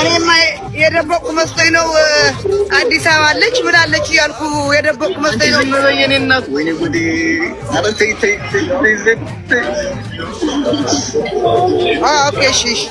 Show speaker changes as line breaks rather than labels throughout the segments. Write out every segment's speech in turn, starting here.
እኔማ የደበቁ መስሎኝ ነው። አዲስ አበባ አለች ምን እያልኩ የደበቁ መስሎኝ ነው። የእኔ እናት እሺ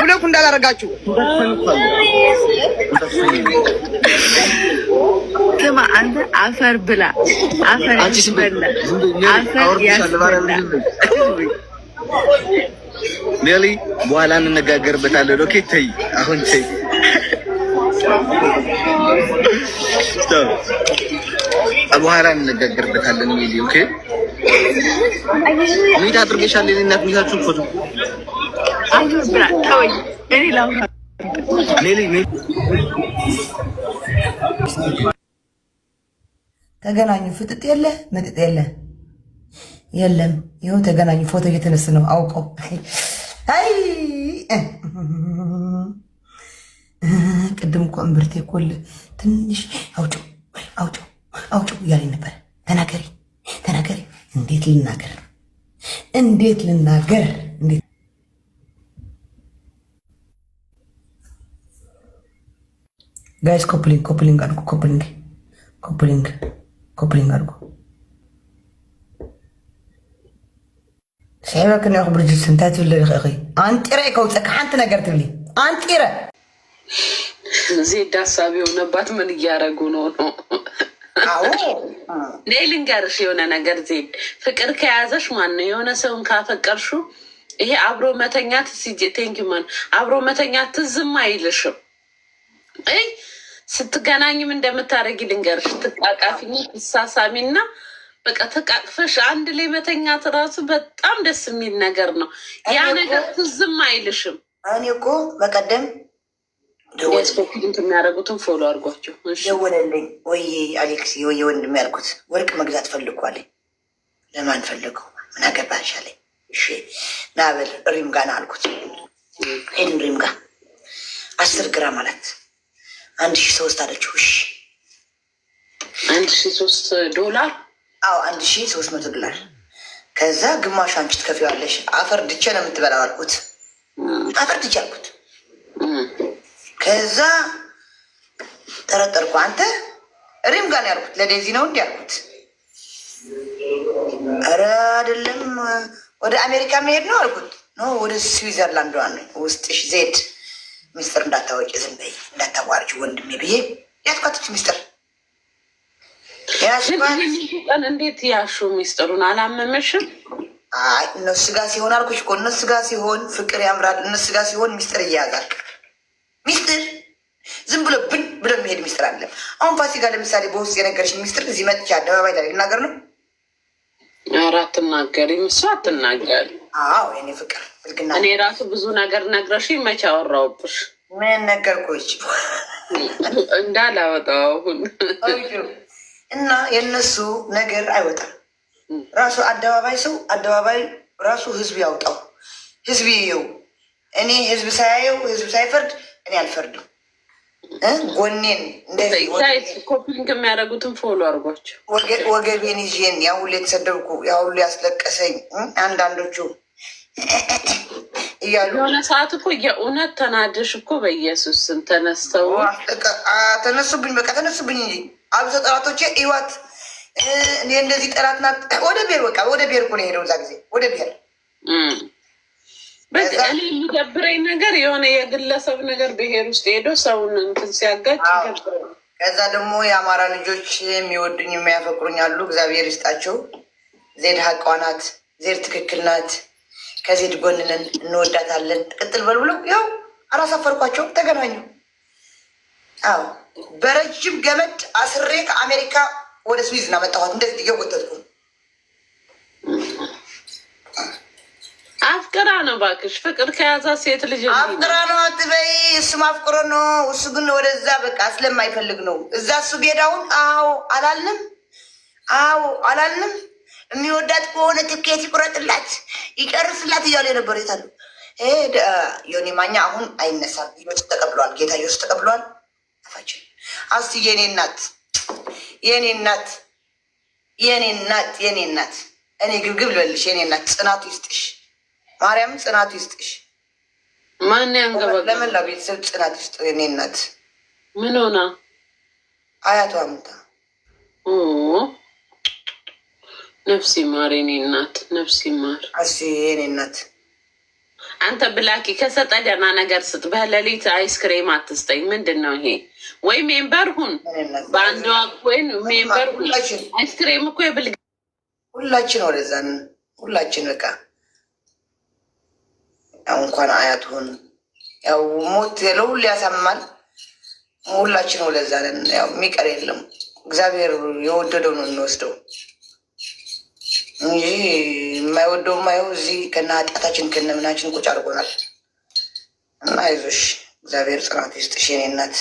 ሁለቱ እንዳላረጋችሁ
ስማ አንተ አፈር ብላ አፈር
በኋላ እንነጋገርበታለን። ኦኬ ተይ፣ አሁን ተይ። በኋላ እንነጋገርበታለን። ኦኬ። ሚት አድርገሻል። እናት ሚታችሁን ፎቶ
ተገናኙ። ፍጥጥ የለ መጥጥ የለ የለም። ይኸው ተገናኙ። ፎቶ እየተነሱ ነው አውቀው። አይ ቅድም እኮ እምብርቴ ኮል ትንሽ አውጪው አውጪው አውጪው እያለኝ ነበረ። ተናገሪ ተናገሪ። እንዴት ልናገር እንዴት ልናገር ጋይስ ኮፕሊንግ ኮፕሊንግ አድርጉ። ኮፕሊንግ ኮፕሊንግ ኮፕሊንግ አድርጉ። ስዕበክ ኒኹ ብርጅት እንታይ ትብል ኢኺ አንጢረ ከውፀካ ሓንቲ ነገር ትብሊ አንጢረ
ዜድ ሀሳብ የሆነባት ምን እያረጉ ነው ነው
ነይ ልንገርሽ የሆነ ነገር ዜድ ፍቅር ከያዘሽ ማን ነው የሆነ ሰውን ካፈቀርሹ ይሄ አብሮ መተኛት ቴንኪ ማን አብሮ መተኛት ትዝም አይልሽም ስትገናኝም እንደምታደርጊ ልንገርሽ። ትቃቃፊኝ፣ ትሳሳሚና በቃ ተቃቅፈሽ አንድ ላይ መተኛት ራሱ በጣም ደስ የሚል ነገር ነው። ያ ነገር ትዝም አይልሽም። እኔ እኮ በቀደም ስፖኪንት የሚያደርጉትን ፎሎ አድርጓቸው ደወለልኝ። ወይ አሌክስ፣ ወይ ወንድሜ ያልኩት ወርቅ መግዛት ፈልጓለኝ። ለማን ፈለገው? ምን አገባሽ አለኝ። እሺ ናበል ሪም ጋር ና አልኩት። ሪም ጋር አስር ግራም አላት። አንድ ሺ ሶስት አለችው። እሺ አንድ ሺ ሶስት ዶላር አዎ፣ አንድ ሺ ሶስት መቶ ዶላር። ከዛ ግማሽ አንቺ ትከፊዋለሽ። አፈር ድቼ ነው የምትበላው አልኩት። አፈር ድቼ አልኩት። ከዛ ጠረጠርኩ። አንተ ሪም ጋር ያልኩት። ለዴዚ ነው እንዲ ያልኩት። ኧረ አይደለም ወደ አሜሪካ መሄድ ነው አልኩት። ወደ ስዊዘርላንድ ዋ ውስጥሽ ዜድ ሚስጥር እንዳታወጪ ዝም በይ እንዳታዋርጅ ወንድሜ ብዬ ያስኳትች ሚስጥር ያስኳን። እንዴት ያሹ ሚስጥሩን አላመመሽም? አይ እነሱ ጋ ሲሆን አልኩሽ እኮ እነሱ ጋ ሲሆን ፍቅር ያምራል። እነሱ ጋ ሲሆን ሚስጥር እያያዛል። ሚስጥር ዝም ብሎ ብን ብሎ የሚሄድ ሚስጥር አለም። አሁን ፋሲካ ለምሳሌ በውስጥ የነገርሽ ሚስጥር እዚህ መጥቼ አደባባይ ላይ ልናገር ነው ኧረ አትናገሪም፣ እሷ አትናገሪ። አዎ የእኔ ፍቅር ብልግና። እኔ ራሱ ብዙ ነገር ነግረሽኝ መቼ አወራሁብሽ? ምን ነገርኩሽ? እንዳላወጣው አሁን እና የእነሱ ነገር አይወጣም። ራሱ አደባባይ ሰው አደባባይ ራሱ ህዝብ ያውጣው፣ ህዝብ ይየው። እኔ ህዝብ ሳያየው ህዝብ ሳይፈርድ እኔ አልፈርድም። ጎኔን ኮፒሊንክ የሚያደርጉትን ፎሎ አድርጓቸው። ወገቤን ይዤን ያ ሁሉ የተሰደብኩ ያ ሁሉ ያስለቀሰኝ አንዳንዶቹ እያሉ የሆነ ሰዓት እኮ የእውነት ተናደሽ እኮ በኢየሱስ ስም ተነስተው ተነሱብኝ፣ በቃ ተነሱብኝ እንጂ አብዞ ጠላቶቼ ይዋት እኔ እንደዚህ ጠላት ናት። ወደ ብሄር በቃ ወደ ብሄር እኮ ነው የሄደው እዛ ጊዜ ወደ ብሄር በጣም የሚደብረኝ ነገር የሆነ የግለሰብ ነገር ብሄር ውስጥ ሄዶ ሰውን እንትን ሲያጋጭ ከዛ ደግሞ የአማራ ልጆች የሚወዱኝ የሚያፈቅሩኝ አሉ። እግዚአብሔር ይስጣቸው። ዜድ ሀቋ ናት። ዜድ ትክክል ናት። ከዜድ ጎንነን እንወዳታለን። ቅጥል በል ብሎ ያው አላሳፈርኳቸው። ተገናኙ። አዎ በረጅም ገመድ አስሬ ከአሜሪካ ወደ ስዊዝ እናመጣኋት እንደዚህ እየጎተትኩ አፍቅራ ነው እባክሽ። ፍቅር ከያዛ ሴት ልጅ አፍቅራ ነው አትበይ። እሱም አፍቅሮ ነው። እሱ ግን ወደዛ በቃ ስለማይፈልግ ነው። እዛ እሱ ቤዳውን አዎ አላልንም፣ አዎ አላልንም። የሚወዳት ከሆነ ትኬት ይቁረጥላት፣ ይጨርስላት እያሉ የነበሩ የታሉ ዮኒ ማኛ አሁን አይነሳም። ዮስ ተቀብሏል፣ ጌታ ዮስ ተቀብሏል። አፋችን አስቲ የኔ እናት የኔ እናት የኔ እናት የኔ እናት እኔ ግብግብ ልበልሽ የኔ እናት ጽናቱ ይስጥሽ። ማርያም ጽናት ይስጥሽ። ማን ያንገባ ለመላ ቤተሰብ ጽናት ይስጥ። የእኔ እናት ምን ሆና አያቷ ምታ ነፍስ ማር የእኔ እናት፣ ነፍስ ይማር እሺ። የእኔ እናት አንተ ብላኪ ከሰጠ ደህና ነገር ስጥ። በሌሊት አይስክሬም አትስጠኝ። ምንድን ነው ይሄ? ወይ ሜምበር ሁን በአንዱ ወይ ሜምበር ሁን። አይስክሬም እኮ የብልግ ሁላችን ወደዛን ሁላችን በቃ እንኳን አያት ሆኑ። ያው ሞት ለሁሉ ያሳማል። ሁላችን ወደዛ ነን። ያው የሚቀር የለም። እግዚአብሔር የወደደው ነው እንወስደው እንጂ የማይወደው ማየው እዚህ ከነ ኃጢአታችን ከነ ምናችን ቁጭ አድርጎናል። እና አይዞሽ እግዚአብሔር ጽናት ይስጥሽ የኔ እናት፣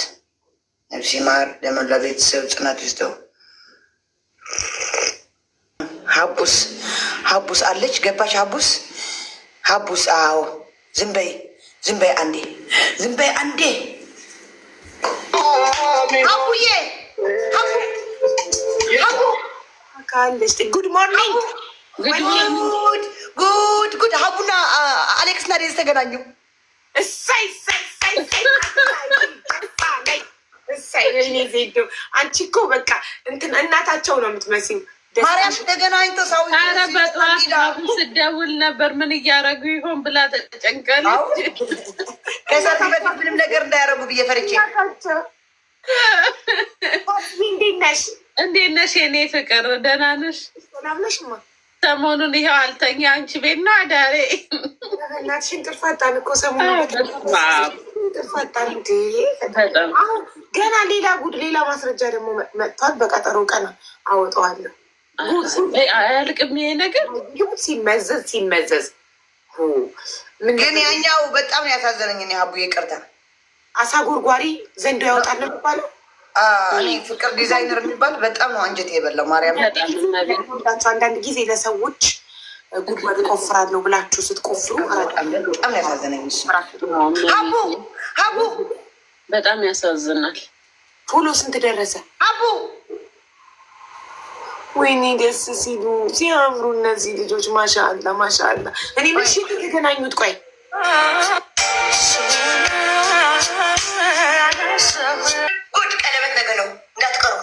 ነብሲ ማር ለመላ ቤተሰብ ጽናት ይስጠው። ሀቡስ ሀቡስ አለች ገባች። ሀቡስ ሀቡስ አዎ ዝም በይ ዝም በይ አንዴ ዝም በይ አንዴ አቡዬ ጉድ ሞርኒንግ ጉድ ጉድ ሀቡና አሌክስ እና ዴዝ ተገናኙ። እሰይ እሰይ እኔ አንቺ እኮ በቃ እንትን እናታቸው ነው የምትመስይው። ማርያም ተገናኝቶ ሰው ስደውል ነበር። ምን እያደረጉ ይሆን ብላ ተጨንቀለች። ከእሳት በፊት ምንም ነገር እንዳያደረጉ ብዬ ፈርቼ። እንዴት ነሽ የኔ ፍቅር? ደህና ነሽ? ሰሞኑን ይኸው አልተኛ። አንቺ ቤት ነው አዳሬ። እኮ ሰሞኑን ገና ሌላ ጉድ፣ ሌላ ማስረጃ ደግሞ መጥቷል። በቀጠሮ ቀን አወጣዋለሁ አያልቅም ይሄ ነገር ሲመዘዝ ሲመዘዝ። ግን ያኛው በጣም ያሳዘነኝ። እኔ ሀቡ ይቅርታ፣ አሳ ጎርጓሪ ዘንዶ ያወጣል ነው የሚባለው። ፍቅር ዲዛይነር የሚባል በጣም ነው አንጀት የበላው። ማርያም ላቸው አንዳንድ ጊዜ ለሰዎች ጉድጓድ ቆፍራለሁ ብላችሁ ስትቆፍሩ በጣም ያሳዘነኝ። ሀቡ ሀቡ በጣም ያሳዝናል። ቶሎ ስንት ደረሰ ሀቡ ወይኔ ደስ ሲሉ ሲያምሩ እነዚህ ልጆች ማሻአላ ማሻላ እኔ ምሽት የተገናኙት ቆይ ጉድ ቀለበት ነገ ነው እንዳትቀሩ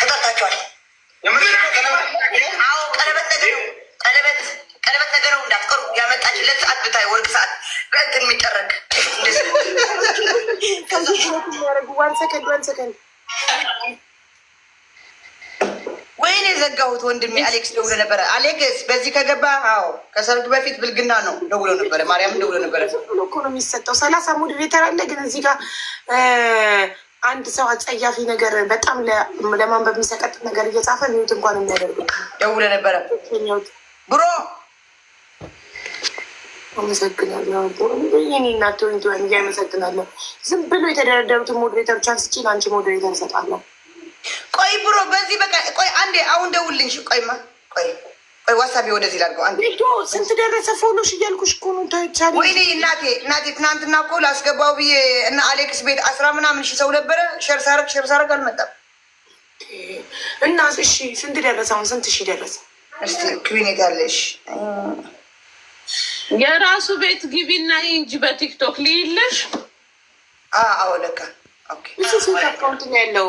ተጠርታችኋል። አዎ ቀለበት ነገ ነው። ቀለበት ቀለበት ነገ ነው እንዳትቀሩ። ዋን ሰከንድ ዋን ሰከንድ ዘጋሁት። ወንድሜ አሌክስ ደውሎ ነበረ። አሌክስ በዚህ ከገባ አዎ፣ ከሰርግ በፊት ብልግና ነው ደውሎ ነበረ። ማርያም ደውሎ ነበረ እኮ ነው የሚሰጠው። ሰላሳ ሞዴሬተር አለ፣ ግን እዚህ ጋር አንድ ሰው አጸያፊ ነገር በጣም ለማንበብ የሚሰቀጥ ነገር እየጻፈ ሚዩት እንኳን የሚያደርገው ደውለ ነበረ። ብሮ አመሰግናለሁ የኔ እናቶ ወይንት እያመሰግናለሁ። ዝም ብሎ የተደረደሩትን ሞዴሬተሮች አንስቼ ለአንቺ ሞዴሬተር እሰጣለሁ። ቆይ ብሮ በዚህ በቃ ቆይ አንዴ፣ አሁን ደውልኝ። ቆይማ፣ ቆይ ቆይ፣ ዋሳቢ ወደዚህ ላድርገው። አንዴ ስንት ደረሰ ፎሎሽ እያልኩሽ እኮ ነው። ወይኔ እናቴ እናቴ፣ ትናንትና እኮ ላስገባው ብዬ እና አሌክስ ቤት አስራ ምናምን ሺህ ሰው ነበረ። ሸር ሳረግ ሸር ሳረግ አልመጣም። እና እሺ ስንት ደረሰ አሁን? ስንት ሺህ ደረሰ? ክቢኔት ያለሽ የራሱ ቤት ግቢና እንጂ በቲክቶክ ልይለሽ። አዎ ለካ ኦኬ። እሱ ስንት አካውንት ነው ያለው?